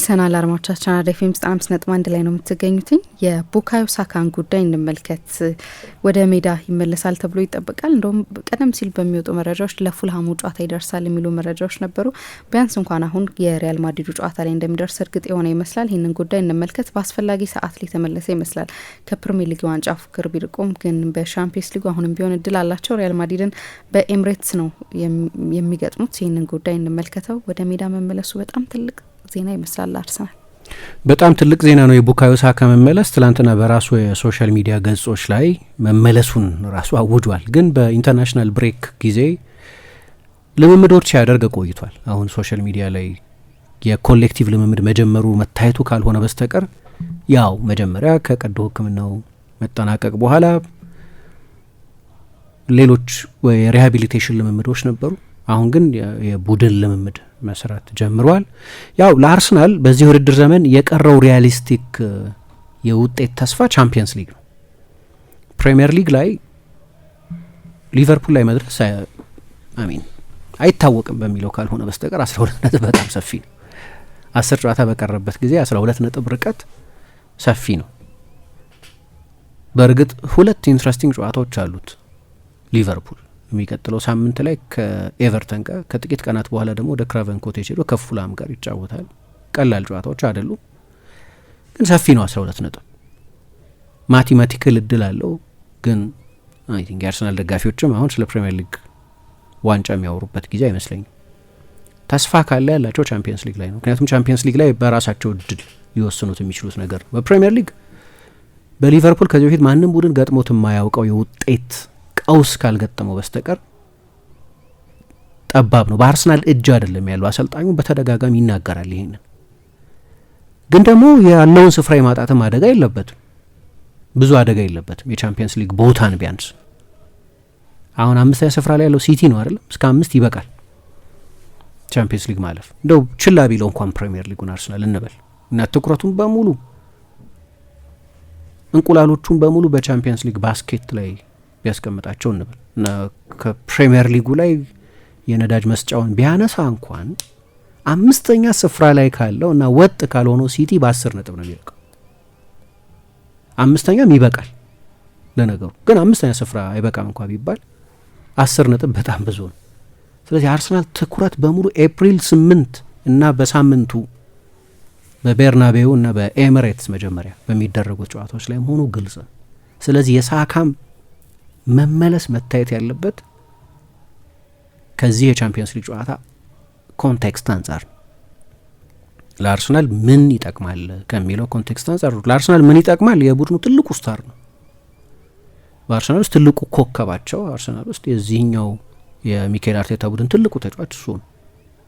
ተመልሰናል አድማጮቻችን አራዳ ኤፍ ኤም ዘጠና አምስት ነጥብ አንድ ላይ ነው የምትገኙትኝ። የቡካዮ ሳካን ጉዳይ እንመልከት። ወደ ሜዳ ይመለሳል ተብሎ ይጠበቃል። እንደውም ቀደም ሲል በሚወጡ መረጃዎች ለፉልሃሙ ጨዋታ ይደርሳል የሚሉ መረጃዎች ነበሩ። ቢያንስ እንኳን አሁን የሪያል ማድሪዱ ጨዋታ ላይ እንደሚደርስ እርግጥ የሆነ ይመስላል። ይህንን ጉዳይ እንመልከት። በአስፈላጊ ሰዓት የተመለሰ ይመስላል። ከፕሪሚየር ሊግ ዋንጫ ፉክክር ቢርቁም ግን በሻምፒየንስ ሊጉ አሁንም ቢሆን እድል አላቸው። ሪያል ማድሪድን በኤምሬትስ ነው የሚገጥሙት። ይህንን ጉዳይ እንመልከተው። ወደ ሜዳ መመለሱ በጣም ትልቅ ዜና ይመስላል አርሰናል በጣም ትልቅ ዜና ነው የቡካዮ ሳካ መመለስ። ትላንትና በራሱ የሶሻል ሚዲያ ገጾች ላይ መመለሱን ራሱ አውጇል። ግን በኢንተርናሽናል ብሬክ ጊዜ ልምምዶች ሲያደርግ ቆይቷል። አሁን ሶሻል ሚዲያ ላይ የኮሌክቲቭ ልምምድ መጀመሩ መታየቱ ካልሆነ በስተቀር ያው መጀመሪያ ከቀዶ ሕክምናው መጠናቀቅ በኋላ ሌሎች የሪሃቢሊቴሽን ልምምዶች ነበሩ። አሁን ግን የቡድን ልምምድ መስራት ጀምሯል። ያው ለአርሰናል በዚህ ውድድር ዘመን የቀረው ሪያሊስቲክ የውጤት ተስፋ ቻምፒየንስ ሊግ ነው። ፕሪሚየር ሊግ ላይ ሊቨርፑል ላይ መድረስ አሚን አይታወቅም በሚለው ካልሆነ በስተቀር አስራ ሁለት ነጥብ በጣም ሰፊ ነው። አስር ጨዋታ በቀረበት ጊዜ አስራ ሁለት ነጥብ ርቀት ሰፊ ነው። በእርግጥ ሁለት ኢንትረስቲንግ ጨዋታዎች አሉት ሊቨርፑል የሚቀጥለው ሳምንት ላይ ከኤቨርተን ጋር ከጥቂት ቀናት በኋላ ደግሞ ወደ ክራቨን ኮቴጅ ሄዶ ከፉላም ጋር ይጫወታል። ቀላል ጨዋታዎች አይደሉም፣ ግን ሰፊ ነው። አስራ ሁለት ነጥብ ማቲማቲክል እድል አለው። ግን አይ ቲንክ የአርሰናል ደጋፊዎችም አሁን ስለ ፕሪምየር ሊግ ዋንጫ የሚያወሩበት ጊዜ አይመስለኝም። ተስፋ ካለ ያላቸው ቻምፒየንስ ሊግ ላይ ነው። ምክንያቱም ቻምፒየንስ ሊግ ላይ በራሳቸው እድል ሊወስኑት የሚችሉት ነገር ነው። በፕሪምየር ሊግ በሊቨርፑል ከዚህ በፊት ማንም ቡድን ገጥሞት የማያውቀው የውጤት ቀውስ ካልገጠመው በስተቀር ጠባብ ነው። በአርሰናል እጅ አይደለም ያለው። አሰልጣኙ በተደጋጋሚ ይናገራል። ይሄንን ግን ደግሞ ያለውን ስፍራ የማጣትም አደጋ የለበትም፣ ብዙ አደጋ የለበትም። የቻምፒየንስ ሊግ ቦታን ቢያንስ አሁን አምስተኛ ስፍራ ላይ ያለው ሲቲ ነው አይደለም። እስከ አምስት ይበቃል ቻምፒየንስ ሊግ ማለፍ። እንደው ችላ ቢለው እንኳን ፕሪሚየር ሊጉን አርሰናል እንበል እና ትኩረቱን በሙሉ እንቁላሎቹን በሙሉ በቻምፒየንስ ሊግ ባስኬት ላይ ቢያስቀምጣቸው እንበል እና ሊጉ ላይ የነዳጅ መስጫውን ቢያነሳ እንኳን አምስተኛ ስፍራ ላይ ካለው እና ወጥ ካልሆነው ሲቲ በአስር ነጥብ ነው የሚበቃው። አምስተኛም ይበቃል ለነገሩ ግን አምስተኛ ስፍራ አይበቃም እንኳ ቢባል አስር ነጥብ በጣም ብዙ ነው። ስለዚህ አርሰናል ትኩረት በሙሉ ኤፕሪል ስምንት እና በሳምንቱ በቤርናቤው እና በኤምሬትስ መጀመሪያ በሚደረጉት ጨዋታዎች ላይ መሆኑ ግልጽ ነው። ስለዚህ የሳካም መመለስ መታየት ያለበት ከዚህ የቻምፒየንስ ሊግ ጨዋታ ኮንቴክስት አንጻር ነው። ለአርሰናል ምን ይጠቅማል ከሚለው ኮንቴክስት አንጻር ነው። ለአርሰናል ምን ይጠቅማል? የቡድኑ ትልቁ ስታር ነው። በአርሰናል ውስጥ ትልቁ ኮከባቸው አርሰናል ውስጥ የዚህኛው የሚካኤል አርቴታ ቡድን ትልቁ ተጫዋች እሱ ነው።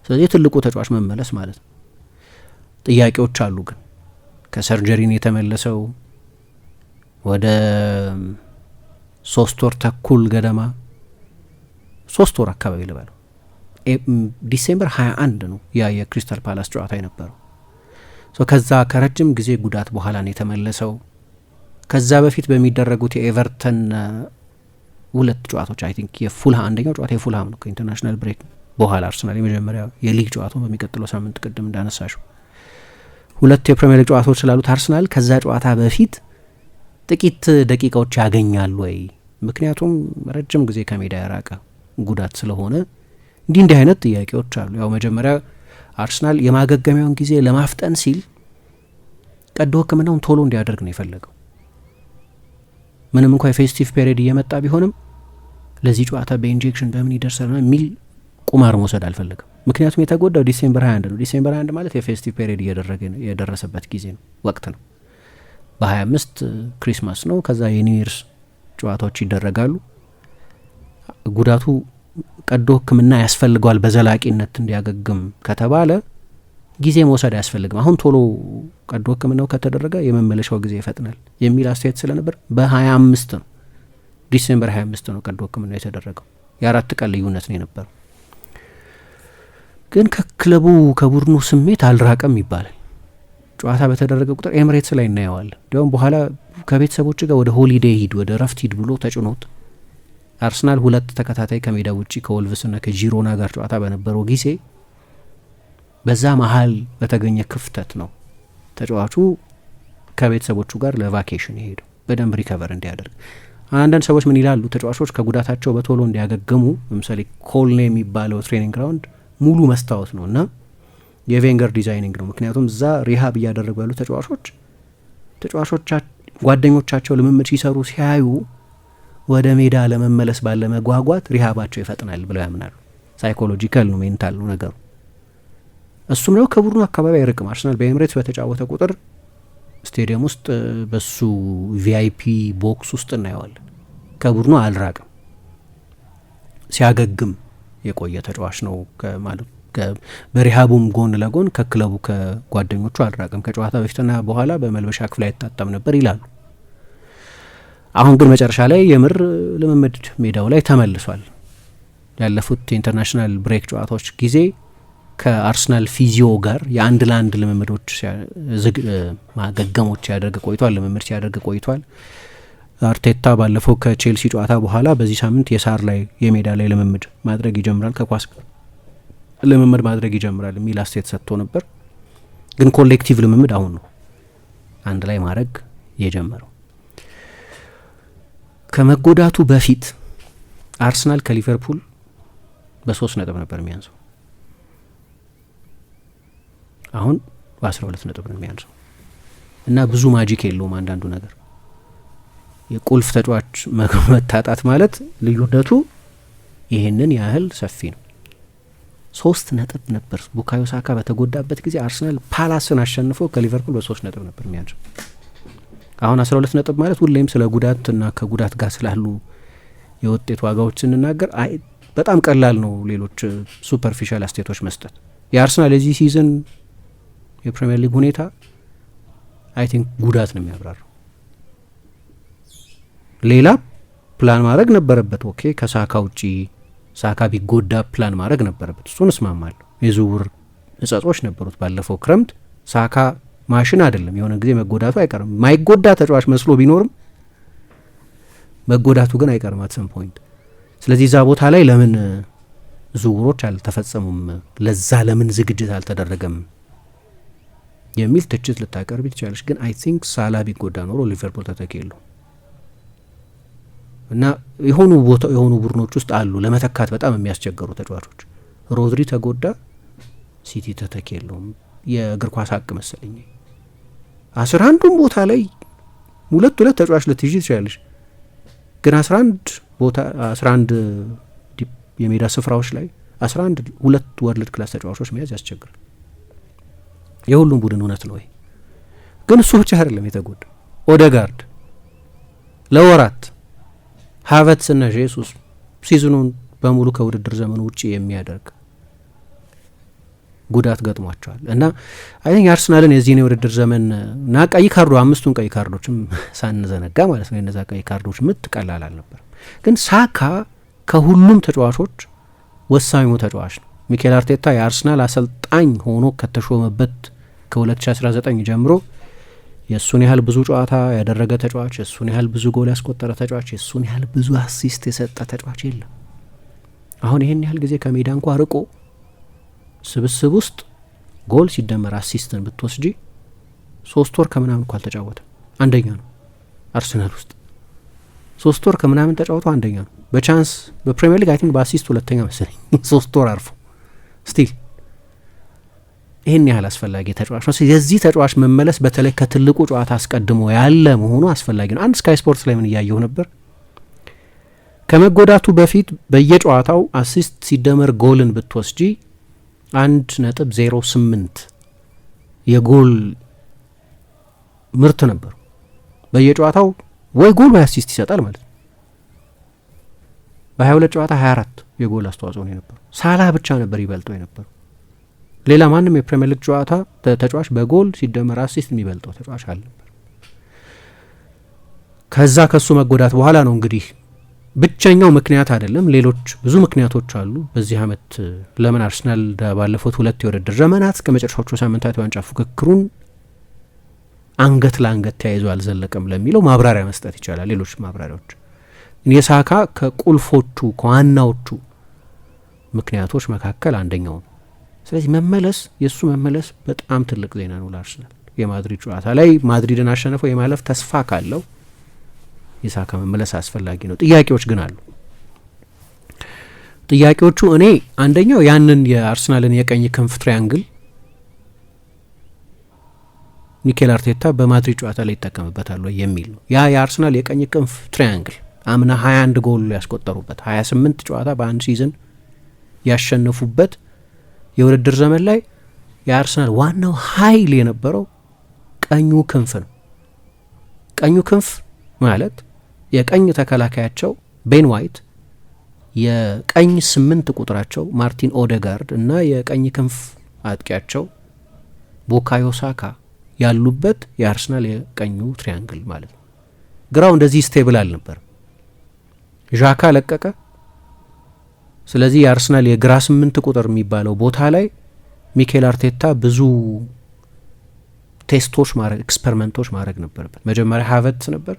ስለዚህ የትልቁ ተጫዋች መመለስ ማለት ነው። ጥያቄዎች አሉ ግን ከሰርጀሪን የተመለሰው ወደ ሶስት ወር ተኩል ገደማ ሶስት ወር አካባቢ ልበለው ዲሴምበር 21 ነው ያ የክሪስታል ፓላስ ጨዋታ የነበረው። ከዛ ከረጅም ጊዜ ጉዳት በኋላ ነው የተመለሰው። ከዛ በፊት በሚደረጉት የኤቨርተን ሁለት ጨዋታዎች አይ ቲንክ የፉልሃ አንደኛው ጨዋታ የፉልሃም ነው ከኢንተርናሽናል ብሬክ በኋላ አርሰናል የመጀመሪያ የሊግ ጨዋታውን በሚቀጥለው ሳምንት ቅድም እንዳነሳሽው ሁለት የፕሪምየር ሊግ ጨዋታዎች ስላሉት አርሰናል ከዛ ጨዋታ በፊት ጥቂት ደቂቃዎች ያገኛል ወይ? ምክንያቱም ረጅም ጊዜ ከሜዳ ያራቀ ጉዳት ስለሆነ እንዲህ እንዲህ አይነት ጥያቄዎች አሉ። ያው መጀመሪያ አርሰናል የማገገሚያውን ጊዜ ለማፍጠን ሲል ቀዶ ሕክምናውን ቶሎ እንዲያደርግ ነው የፈለገው። ምንም እንኳ የፌስቲቭ ፔሪድ እየመጣ ቢሆንም ለዚህ ጨዋታ በኢንጀክሽን በምን ይደርሳል የሚል ቁማር መውሰድ አልፈለግም። ምክንያቱም የተጎዳው ዲሴምበር 21 ነው። ዲሴምበር 21 ማለት የፌስቲቭ ፔሪድ እየደረሰበት ጊዜ ነው፣ ወቅት ነው። በ25 ክሪስማስ ነው። ከዛ የኒው ጨዋታዎች ይደረጋሉ። ጉዳቱ ቀዶ ሕክምና ያስፈልገዋል በዘላቂነት እንዲያገግም ከተባለ ጊዜ መውሰድ አያስፈልግም። አሁን ቶሎ ቀዶ ሕክምናው ከተደረገ የመመለሻው ጊዜ ይፈጥናል የሚል አስተያየት ስለነበር በ25 ነው ዲሴምበር 25 ነው ቀዶ ሕክምናው የተደረገው። የአራት ቀን ልዩነት ነው የነበረው። ግን ከክለቡ ከቡድኑ ስሜት አልራቀም ይባላል። ጨዋታ በተደረገ ቁጥር ኤምሬትስ ላይ እናየዋለን። እንዲያውም በኋላ ከቤተሰቦች ጋር ወደ ሆሊዴ ሂድ፣ ወደ ረፍት ሂድ ብሎ ተጭኖት አርሰናል ሁለት ተከታታይ ከሜዳ ውጭ ከወልቭስና ከጂሮና ጋር ጨዋታ በነበረው ጊዜ በዛ መሀል በተገኘ ክፍተት ነው ተጫዋቹ ከቤተሰቦቹ ጋር ለቫኬሽን የሄደው በደንብ ሪከቨር እንዲያደርግ። አንዳንድ ሰዎች ምን ይላሉ? ተጫዋቾች ከጉዳታቸው በቶሎ እንዲያገግሙ ለምሳሌ ኮልኔ የሚባለው ትሬኒንግ ግራውንድ ሙሉ መስታወት ነው እና የቬንገር ዲዛይኒንግ ነው። ምክንያቱም እዛ ሪሃብ እያደረጉ ያሉ ተጫዋቾች ተጫዋቾች ጓደኞቻቸው ልምምድ ሲሰሩ ሲያዩ ወደ ሜዳ ለመመለስ ባለ መጓጓት ሪሃባቸው ይፈጥናል ብለው ያምናሉ። ሳይኮሎጂካል ነው፣ ሜንታል ነው ነገሩ። እሱም ደግሞ ከቡድኑ አካባቢ አይርቅም። አርሰናል በኤምሬትስ በተጫወተ ቁጥር ስቴዲየም ውስጥ በሱ ቪአይፒ ቦክስ ውስጥ እናየዋለን። ከቡድኑ አልራቅም፣ ሲያገግም የቆየ ተጫዋች ነው ማለት በሪሃቡም ጎን ለጎን ከክለቡ ከጓደኞቹ አልራቅም። ከጨዋታ በፊትና በኋላ በመልበሻ ክፍል አይታጠም ነበር ይላሉ። አሁን ግን መጨረሻ ላይ የምር ልምምድ ሜዳው ላይ ተመልሷል። ያለፉት የኢንተርናሽናል ብሬክ ጨዋታዎች ጊዜ ከአርሰናል ፊዚዮ ጋር የአንድ ለአንድ ልምምዶች ማገገሞች ሲያደርግ ቆይቷል። ልምምድ ሲያደርግ ቆይቷል። አርቴታ ባለፈው ከቼልሲ ጨዋታ በኋላ በዚህ ሳምንት የሳር ላይ የሜዳ ላይ ልምምድ ማድረግ ይጀምራል ከኳስ ጋር ልምምድ ማድረግ ይጀምራል የሚል አስተያየት ሰጥቶ ነበር። ግን ኮሌክቲቭ ልምምድ አሁን ነው አንድ ላይ ማድረግ የጀመረው። ከመጎዳቱ በፊት አርሰናል ከሊቨርፑል በሶስት ነጥብ ነበር የሚያንሰው፣ አሁን በአስራ ሁለት ነጥብ ነው የሚያንሰው እና ብዙ ማጂክ የለውም አንዳንዱ ነገር የቁልፍ ተጫዋች መታጣት ማለት ልዩነቱ ይህንን ያህል ሰፊ ነው። ሶስት ነጥብ ነበር ቡካዮ ሳካ በተጎዳበት ጊዜ አርሰናል ፓላስን አሸንፎ ከሊቨርፑል በሶስት ነጥብ ነበር የሚያንሰው። አሁን አስራ ሁለት ነጥብ ማለት ሁሌም ስለ ጉዳትና ከጉዳት ጋር ስላሉ የውጤት ዋጋዎች ስንናገር አይ በጣም ቀላል ነው ሌሎች ሱፐርፊሻል አስቴቶች መስጠት። የአርሰናል የዚህ ሲዝን የፕሪምየር ሊግ ሁኔታ አይ ቲንክ ጉዳት ነው የሚያብራራው። ሌላ ፕላን ማድረግ ነበረበት። ኦኬ ከሳካ ውጪ ሳካ ቢጎዳ ፕላን ማድረግ ነበረበት። እሱን እስማማለሁ። የዝውውር እጸጾች ነበሩት ባለፈው ክረምት። ሳካ ማሽን አይደለም፣ የሆነ ጊዜ መጎዳቱ አይቀርም። ማይጎዳ ተጫዋች መስሎ ቢኖርም መጎዳቱ ግን አይቀርም አትሰም ፖይንት። ስለዚህ እዛ ቦታ ላይ ለምን ዝውውሮች አልተፈጸሙም፣ ለዛ ለምን ዝግጅት አልተደረገም የሚል ትችት ልታቀርብ ትችላለች። ግን አይ ቲንክ ሳላ ቢጎዳ ኖሮ ሊቨርፑል ተተኪ የለውም። እና የሆኑ ቦታ የሆኑ ቡድኖች ውስጥ አሉ ለመተካት በጣም የሚያስቸገሩ ተጫዋቾች። ሮድሪ ተጎዳ፣ ሲቲ ተተኪ የለውም። የእግር ኳስ ሀቅ መሰለኝ አስራ አንዱም ቦታ ላይ ሁለት ሁለት ተጫዋች ልትይዥ ትችላለች፣ ግን አስራ አንድ ቦታ አስራ አንድ የሜዳ ስፍራዎች ላይ አስራ አንድ ሁለት ወርልድ ክላስ ተጫዋቾች መያዝ ያስቸግራል። የሁሉም ቡድን እውነት ነው። ግን እሱ ብቻ አይደለም የተጎዳ ኦደጋርድ ለወራት ሀቨትስና ጄሱስ ሲዝኑን በሙሉ ከውድድር ዘመኑ ውጭ የሚያደርግ ጉዳት ገጥሟቸዋል እና አይ ቲንክ አርሰናልን የዚህን የውድድር ዘመን እና ቀይ ካርዶ አምስቱን ቀይ ካርዶችም ሳንዘነጋ ማለት ነው የነዛ ቀይ ካርዶች ምት ቀላል አልነበርም። ግን ሳካ ከሁሉም ተጫዋቾች ወሳኙ ተጫዋች ነው። ሚኬል አርቴታ የአርሰናል አሰልጣኝ ሆኖ ከተሾመበት ከ2019 ጀምሮ የእሱን ያህል ብዙ ጨዋታ ያደረገ ተጫዋች፣ የእሱን ያህል ብዙ ጎል ያስቆጠረ ተጫዋች፣ የእሱን ያህል ብዙ አሲስት የሰጠ ተጫዋች የለም። አሁን ይህን ያህል ጊዜ ከሜዳ እንኳ ርቆ ስብስብ ውስጥ ጎል ሲደመር አሲስትን ብትወስጂ ሶስት ወር ከምናምን እኳ አልተጫወተም። አንደኛ ነው አርሰናል ውስጥ ሶስት ወር ከምናምን ተጫውቶ አንደኛ ነው። በቻንስ በፕሪሚየር ሊግ አይ ቲንክ በአሲስት ሁለተኛ መሰለኝ። ሶስት ወር አርፎ ስቲል ይህን ያህል አስፈላጊ ተጫዋች ነው። የዚህ ተጫዋች መመለስ በተለይ ከትልቁ ጨዋታ አስቀድሞ ያለ መሆኑ አስፈላጊ ነው። አንድ ስካይ ስፖርት ላይ ምን እያየሁ ነበር፣ ከመጎዳቱ በፊት በየጨዋታው አሲስት ሲደመር ጎልን ብትወስጂ አንድ ነጥብ ዜሮ ስምንት የጎል ምርት ነበሩ። በየጨዋታው ወይ ጎል ወይ አሲስት ይሰጣል ማለት ነው በሀያ ሁለት ጨዋታ 24 የጎል አስተዋጽኦ ነው የነበሩ። ሳላ ብቻ ነበር ይበልጠው የነበሩ ሌላ ማንም የፕሪሚየር ሊግ ጨዋታ ተጫዋች በጎል ሲደመር አሲስት የሚበልጠው ተጫዋች አልነበር። ከዛ ከሱ መጎዳት በኋላ ነው እንግዲህ ብቸኛው ምክንያት አይደለም፣ ሌሎች ብዙ ምክንያቶች አሉ። በዚህ አመት ለምን አርሰናል ባለፉት ሁለት የውድድር ዘመናት ከመጨረሻዎቹ ሳምንታት የዋንጫ ፉክክሩን አንገት ለአንገት ተያይዞ አልዘለቀም ለሚለው ማብራሪያ መስጠት ይቻላል። ሌሎች ማብራሪያዎች የሳካ ከቁልፎቹ ከዋናዎቹ ምክንያቶች መካከል አንደኛው ነው። ስለዚህ መመለስ የእሱ መመለስ በጣም ትልቅ ዜና ነው ለአርሰናል። የማድሪድ ጨዋታ ላይ ማድሪድን አሸንፎ የማለፍ ተስፋ ካለው የሳካ መመለስ አስፈላጊ ነው። ጥያቄዎች ግን አሉ። ጥያቄዎቹ እኔ አንደኛው ያንን የአርሰናልን የቀኝ ክንፍ ትሪያንግል ሚኬል አርቴታ በማድሪድ ጨዋታ ላይ ይጠቀምበታል ወይ የሚል ነው። ያ የአርሰናል የቀኝ ክንፍ ትሪያንግል አምና 21 ጎል ያስቆጠሩበት ስምንት ጨዋታ በአንድ ሲዝን ያሸነፉበት የውድድር ዘመን ላይ የአርሰናል ዋናው ኃይል የነበረው ቀኙ ክንፍ ነው። ቀኙ ክንፍ ማለት የቀኝ ተከላካያቸው ቤን ዋይት፣ የቀኝ ስምንት ቁጥራቸው ማርቲን ኦደጋርድ እና የቀኝ ክንፍ አጥቂያቸው ቦካዮሳካ ሳካ ያሉበት የአርሰናል የቀኙ ትሪያንግል ማለት ነው። ግራው እንደዚህ ስቴብል አልነበርም። ዣካ ለቀቀ፣ ስለዚህ የአርሰናል የግራ ስምንት ቁጥር የሚባለው ቦታ ላይ ሚኬል አርቴታ ብዙ ቴስቶች ማድረግ ኤክስፐሪመንቶች ማድረግ ነበረበት። መጀመሪያ ሀቨትስ ነበር፣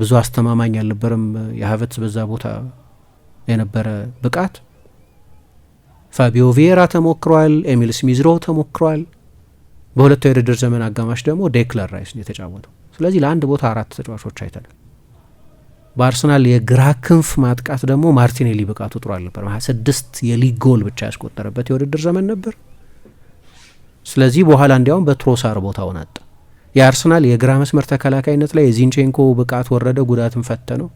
ብዙ አስተማማኝ አልነበረም የሀቨትስ በዛ ቦታ የነበረ ብቃት። ፋቢዮ ቪዬራ ተሞክሯል፣ ኤሚል ስሚዝሮ ተሞክሯል። በሁለቱ የውድድር ዘመን አጋማሽ ደግሞ ዴክለር ራይስ የተጫወተው። ስለዚህ ለአንድ ቦታ አራት ተጫዋቾች አይተናል። በአርሰናል የግራ ክንፍ ማጥቃት ደግሞ ማርቲኔሊ ብቃቱ ጥሩ አልነበር። ስድስት የሊግ ጎል ብቻ ያስቆጠረበት የውድድር ዘመን ነበር። ስለዚህ በኋላ እንዲያውም በትሮሳር ቦታውን አጣ። የአርሰናል የግራ መስመር ተከላካይነት ላይ የዚንቼንኮ ብቃት ወረደ፣ ጉዳትን ፈተነው።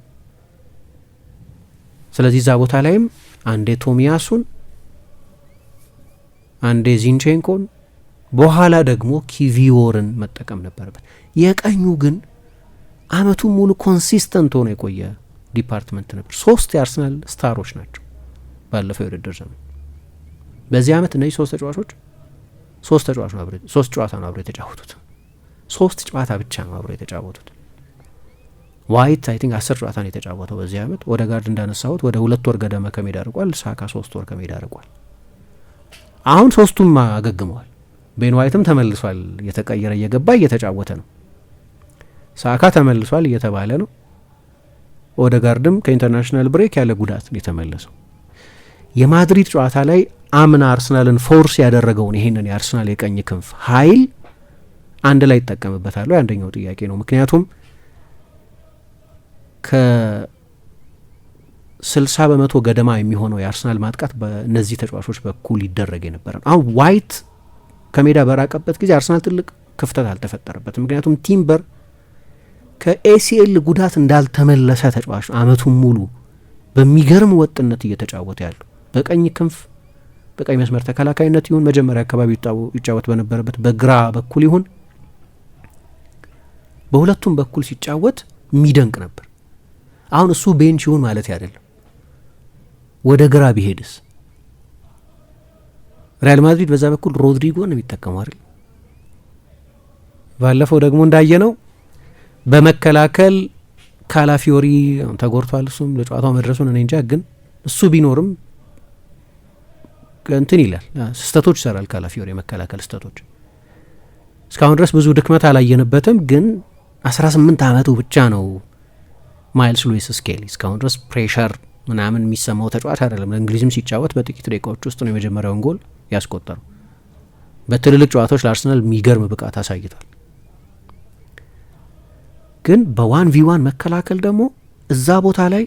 ስለዚህ እዛ ቦታ ላይም አንዴ ቶሚያሱን አንዴ ዚንቼንኮን በኋላ ደግሞ ኪቪዮርን መጠቀም ነበረበት። የቀኙ ግን አመቱ ሙሉ ኮንሲስተንት ሆኖ የቆየ ዲፓርትመንት ነበር። ሶስት የአርሰናል ስታሮች ናቸው ባለፈው የውድድር ዘመን። በዚህ አመት እነዚህ ሶስት ተጫዋቾች ሶስት ተጫዋች ነው ሶስት ጨዋታ ነው አብረው የተጫወቱት። ሶስት ጨዋታ ብቻ ነው አብረው የተጫወቱት። ዋይት አይ ቲንክ አስር ጨዋታ ነው የተጫወተው በዚህ አመት። ወደ ጋርድ እንዳነሳሁት ወደ ሁለት ወር ገደማ ከሜዳ ርቋል። ሳካ ሶስት ወር ከሜዳ ርቋል። አሁን ሶስቱም አገግመዋል። ቤን ዋይትም ተመልሷል። እየተቀየረ እየገባ እየተጫወተ ነው። ሳካ ተመልሷል እየተባለ ነው። ኦደጋርድም ከኢንተርናሽናል ብሬክ ያለ ጉዳት ነው የተመለሰው። የማድሪድ ጨዋታ ላይ አምና አርሰናልን ፎርስ ያደረገውን ይሄንን የአርሰናል የቀኝ ክንፍ ኃይል አንድ ላይ ይጠቀምበታሉ? አንደኛው ጥያቄ ነው። ምክንያቱም ከስልሳ በመቶ ገደማ የሚሆነው የአርሰናል ማጥቃት በእነዚህ ተጫዋቾች በኩል ይደረግ የነበረ ነው። አሁን ዋይት ከሜዳ በራቀበት ጊዜ አርሰናል ትልቅ ክፍተት አልተፈጠረበትም። ምክንያቱም ቲምበር ከኤሲኤል ጉዳት እንዳልተመለሰ ተጫዋች ነው። አመቱን ሙሉ በሚገርም ወጥነት እየተጫወተ ያለው በቀኝ ክንፍ በቀኝ መስመር ተከላካይነት ይሁን መጀመሪያ አካባቢ ይጫወት በነበረበት በግራ በኩል ይሁን በሁለቱም በኩል ሲጫወት የሚደንቅ ነበር። አሁን እሱ ቤንች ይሁን ማለት አይደለም። ወደ ግራ ቢሄድስ ሪያል ማድሪድ በዛ በኩል ሮድሪጎ ነው የሚጠቀሙ አይደል? ባለፈው ደግሞ እንዳየ ነው በመከላከል ካላፊዮሪ ተጎድቷል። እሱም ለጨዋታው መድረሱን እኔ እንጃ፣ ግን እሱ ቢኖርም እንትን ይላል፣ ስህተቶች ይሰራል። ካላፊዮሪ የመከላከል ስህተቶች እስካሁን ድረስ ብዙ ድክመት አላየንበትም፣ ግን ስምንት ዓመቱ ብቻ ነው። ማይልስ ሉዊስ ስኬሊ እስካሁን ድረስ ፕሬሸር ምናምን የሚሰማው ተጫዋች አይደለም። ለእንግሊዝም ሲጫወት በጥቂት ደቂቃዎች ውስጥ ነው የመጀመሪያውን ጎል ያስቆጠረው። በትልልቅ ጨዋታዎች ለአርሰናል የሚገርም ብቃት አሳይቷል። ግን በዋን ቪዋን መከላከል ደግሞ እዛ ቦታ ላይ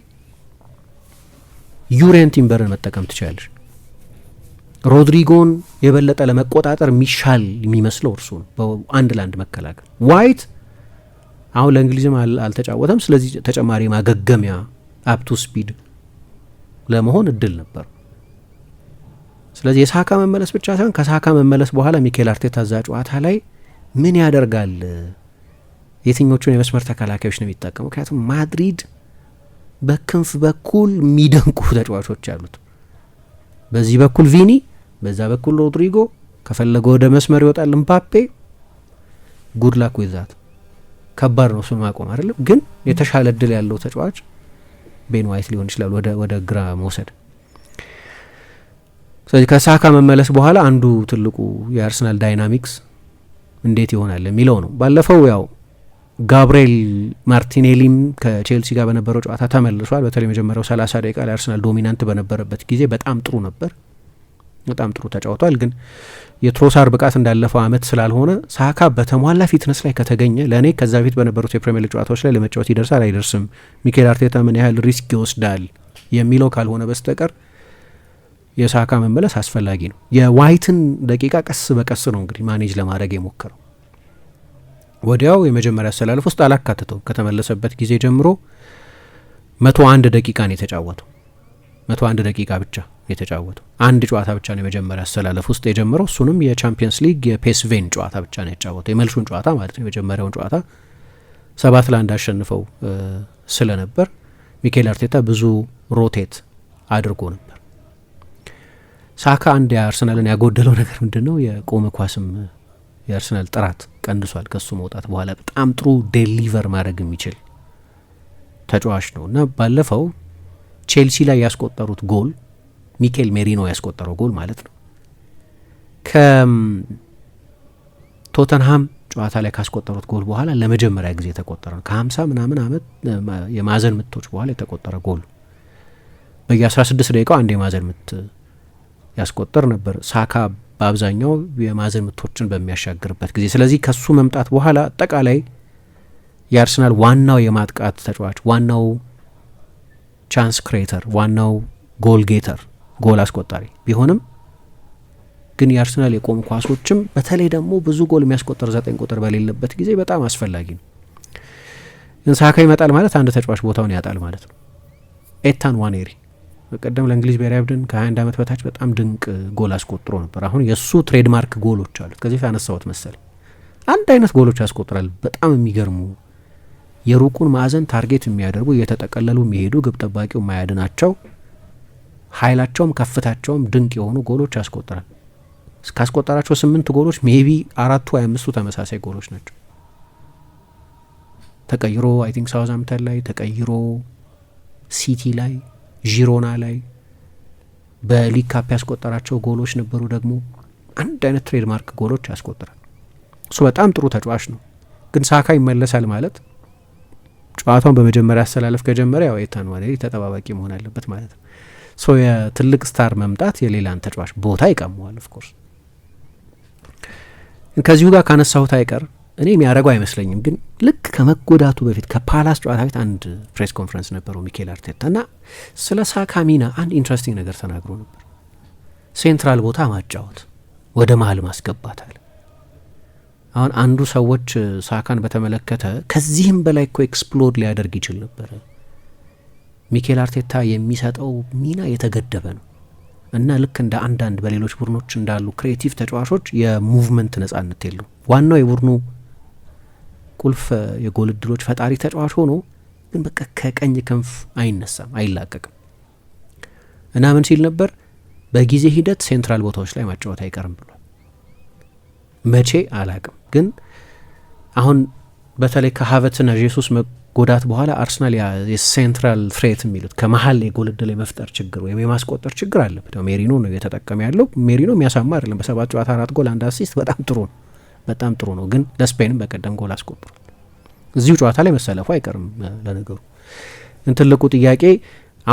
ዩሬን ቲምበርን መጠቀም ትችላለች። ሮድሪጎን የበለጠ ለመቆጣጠር የሚሻል የሚመስለው እርሱ ነው። በአንድ ለአንድ መከላከል ዋይት አሁን ለእንግሊዝም አልተጫወተም። ስለዚህ ተጨማሪ ማገገሚያ አፕቱ ስፒድ ለመሆን እድል ነበር። ስለዚህ የሳካ መመለስ ብቻ ሳይሆን ከሳካ መመለስ በኋላ ሚኬል አርቴታ እዛ ጨዋታ ላይ ምን ያደርጋል የትኞቹን የመስመር ተከላካዮች ነው የሚጠቀመው? ምክንያቱም ማድሪድ በክንፍ በኩል የሚደንቁ ተጫዋቾች አሉት። በዚህ በኩል ቪኒ፣ በዛ በኩል ሮድሪጎ፣ ከፈለገ ወደ መስመር ይወጣል ምፓፔ። ጉድ ላክ ዊዛት ከባድ ነው እሱን ማቆም አይደለም፣ ግን የተሻለ እድል ያለው ተጫዋች ቤን ዋይት ሊሆን ይችላል ወደ ግራ መውሰድ። ስለዚህ ከሳካ መመለስ በኋላ አንዱ ትልቁ የአርሰናል ዳይናሚክስ እንዴት ይሆናል የሚለው ነው። ባለፈው ያው ጋብርኤል ማርቲኔሊም ከቼልሲ ጋር በነበረው ጨዋታ ተመልሷል። በተለይ መጀመሪያው ሰላሳ ደቂቃ ላይ አርሰናል ዶሚናንት በነበረበት ጊዜ በጣም ጥሩ ነበር፣ በጣም ጥሩ ተጫውቷል። ግን የትሮሳር ብቃት እንዳለፈው አመት ስላልሆነ ሳካ በተሟላ ፊትነስ ላይ ከተገኘ ለእኔ ከዛ በፊት በነበሩት የፕሪሚየር ሊግ ጨዋታዎች ላይ ለመጫወት ይደርሳል አይደርስም፣ ሚኬል አርቴታ ምን ያህል ሪስክ ይወስዳል የሚለው ካልሆነ በስተቀር የሳካ መመለስ አስፈላጊ ነው። የዋይትን ደቂቃ ቀስ በቀስ ነው እንግዲህ ማኔጅ ለማድረግ የሞከረው ወዲያው የመጀመሪያ አሰላለፍ ውስጥ አላካትተው ከተመለሰበት ጊዜ ጀምሮ መቶ አንድ ደቂቃ ነው የተጫወተው። መቶ አንድ ደቂቃ ብቻ የተጫወተው አንድ ጨዋታ ብቻ ነው የመጀመሪያ አሰላለፍ ውስጥ የጀመረው። እሱንም የቻምፒየንስ ሊግ የፔስቬን ጨዋታ ብቻ ነው የተጫወተው፣ የመልሱን ጨዋታ ማለት ነው። የመጀመሪያውን ጨዋታ ሰባት ለአንድ አሸንፈው ስለነበር ሚኬል አርቴታ ብዙ ሮቴት አድርጎ ነበር። ሳካ አንድ የአርሰናልን ያጎደለው ነገር ምንድን ነው? የቆመ ኳስም የአርሰናል ጥራት ቀንሷል። ከሱ መውጣት በኋላ በጣም ጥሩ ዴሊቨር ማድረግ የሚችል ተጫዋች ነው እና ባለፈው ቼልሲ ላይ ያስቆጠሩት ጎል ሚኬል ሜሪኖ ያስቆጠረው ጎል ማለት ነው ከቶተንሃም ጨዋታ ላይ ካስቆጠሩት ጎል በኋላ ለመጀመሪያ ጊዜ የተቆጠረ ነው። ከሀምሳ ምናምን አመት የማዘን ምቶች በኋላ የተቆጠረ ጎል በየ16 ደቂቃው አንድ የማዘን ምት ያስቆጠር ነበር። ሳካ በአብዛኛው የማዕዘን ምቶችን በሚያሻግርበት ጊዜ ስለዚህ ከሱ መምጣት በኋላ አጠቃላይ የአርሰናል ዋናው የማጥቃት ተጫዋች ዋናው ቻንስ ክሬተር ዋናው ጎል ጌተር ጎል አስቆጣሪ ቢሆንም ግን የአርሰናል የቆሙ ኳሶችም በተለይ ደግሞ ብዙ ጎል የሚያስቆጠር ዘጠኝ ቁጥር በሌለበት ጊዜ በጣም አስፈላጊ ነው። እንሳካ ይመጣል ማለት አንድ ተጫዋች ቦታውን ያጣል ማለት ነው። ኤታን ዋኔሪ በቀደም ለእንግሊዝ ብሔራዊ ቡድን ከ21 ዓመት በታች በጣም ድንቅ ጎል አስቆጥሮ ነበር። አሁን የእሱ ትሬድማርክ ጎሎች አሉት። ከዚህ ያነሳሁት መሰል አንድ አይነት ጎሎች ያስቆጥራል። በጣም የሚገርሙ የሩቁን ማዕዘን ታርጌት የሚያደርጉ እየተጠቀለሉ የሚሄዱ ግብ ጠባቂው ማያድናቸው ኃይላቸውም ከፍታቸውም ድንቅ የሆኑ ጎሎች ያስቆጥራል። ካስቆጠራቸው ስምንት ጎሎች ሜቢ አራቱ ወይ አምስቱ ተመሳሳይ ጎሎች ናቸው። ተቀይሮ አይ ቲንክ ሳውዛምተን ላይ ተቀይሮ ሲቲ ላይ ዢሮና ላይ በሊግ ካፕ ያስቆጠራቸው ጎሎች ነበሩ። ደግሞ አንድ አይነት ትሬድማርክ ጎሎች ያስቆጥራል። እሱ በጣም ጥሩ ተጫዋች ነው። ግን ሳካ ይመለሳል ማለት ጨዋታውን በመጀመሪያ አስተላለፍ ከጀመረ ያው ኤታን ዋኔሪ ተጠባባቂ መሆን አለበት ማለት ነው። ሶ የትልቅ ስታር መምጣት የሌላን ተጫዋች ቦታ ይቀመዋል። ኦፍኮርስ ከዚሁ ጋር ካነሳሁት አይቀር እኔ የሚያደርገው አይመስለኝም። ግን ልክ ከመጎዳቱ በፊት ከፓላስ ጨዋታ ቤት አንድ ፕሬስ ኮንፈረንስ ነበረው ሚኬል አርቴታ እና ስለ ሳካ ሚና አንድ ኢንትረስቲንግ ነገር ተናግሮ ነበር። ሴንትራል ቦታ ማጫወት፣ ወደ መሀል ማስገባት አለ። አሁን አንዱ ሰዎች ሳካን በተመለከተ ከዚህም በላይ እኮ ኤክስፕሎድ ሊያደርግ ይችል ነበረ። ሚኬል አርቴታ የሚሰጠው ሚና የተገደበ ነው እና ልክ እንደ አንዳንድ በሌሎች ቡድኖች እንዳሉ ክሬቲቭ ተጫዋቾች የሙቭመንት ነጻነት የሉ ዋናው የቡድኑ ቁልፍ የጎል እድሎች ፈጣሪ ተጫዋች ሆኖ ግን በቃ ከቀኝ ክንፍ አይነሳም፣ አይላቀቅም እና ምን ሲል ነበር በጊዜ ሂደት ሴንትራል ቦታዎች ላይ ማጫወት አይቀርም ብሏል። መቼ አላቅም፣ ግን አሁን በተለይ ከሀቨትና ጄሱስ መጎዳት በኋላ አርሰናል የሴንትራል ፍሬት የሚሉት ከመሀል የጎል እድል የመፍጠር ችግር ወይም የማስቆጠር ችግር አለበት። ሜሪኖ ነው እየተጠቀመ ያለው። ሜሪኖ የሚያሳማ አይደለም። በሰባት ጨዋታ አራት ጎል አንድ አሲስት በጣም ጥሩ ነው። በጣም ጥሩ ነው። ግን ለስፔንም በቀደም ጎል አስቆጥሯል። እዚሁ ጨዋታ ላይ መሰለፉ አይቀርም። ለነገሩ ግን ትልቁ ጥያቄ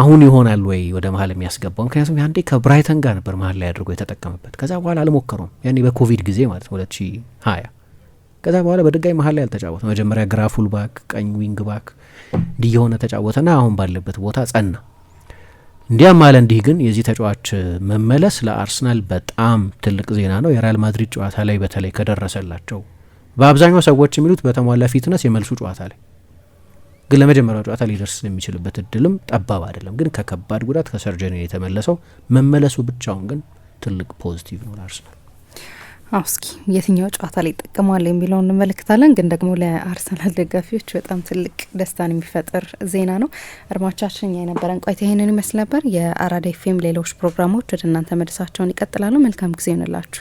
አሁን ይሆናል ወይ ወደ መሀል የሚያስገባው? ምክንያቱም ያንዴ ከብራይተን ጋር ነበር መሀል ላይ አድርጎ የተጠቀመበት። ከዛ በኋላ አልሞከረውም። ያኔ በኮቪድ ጊዜ ማለት ነው፣ ሁለት ሀያ ከዛ በኋላ በድጋሚ መሀል ላይ አልተጫወተ። መጀመሪያ ግራ ፉል ባክ፣ ቀኝ ዊንግ ባክ እንዲህ የሆነ ተጫወተና አሁን ባለበት ቦታ ጸና። እንዲያም ማለ እንዲህ ግን የዚህ ተጫዋች መመለስ ለአርሰናል በጣም ትልቅ ዜና ነው። የሪያል ማድሪድ ጨዋታ ላይ በተለይ ከደረሰላቸው በአብዛኛው ሰዎች የሚሉት በተሟላ ፊትነስ የመልሱ ጨዋታ ላይ ግን ለመጀመሪያው ጨዋታ ሊደርስ የሚችልበት እድልም ጠባብ አይደለም። ግን ከከባድ ጉዳት ከሰርጀሪ የተመለሰው መመለሱ ብቻውን ግን ትልቅ ፖዚቲቭ ነው ለአርሰናል። አሁ እስኪ የትኛው ጨዋታ ላይ ይጠቀማል የሚለውን እንመለከታለን። ግን ደግሞ ለአርሰናል ደጋፊዎች በጣም ትልቅ ደስታን የሚፈጥር ዜና ነው። አድማጮቻችን የነበረን ቆይታ ይህንን ይመስል ነበር። የአራዳ ኤፍ ኤም ሌሎች ፕሮግራሞች ወደ እናንተ መድረሳቸውን ይቀጥላሉ። መልካም ጊዜ ይሆንላችሁ።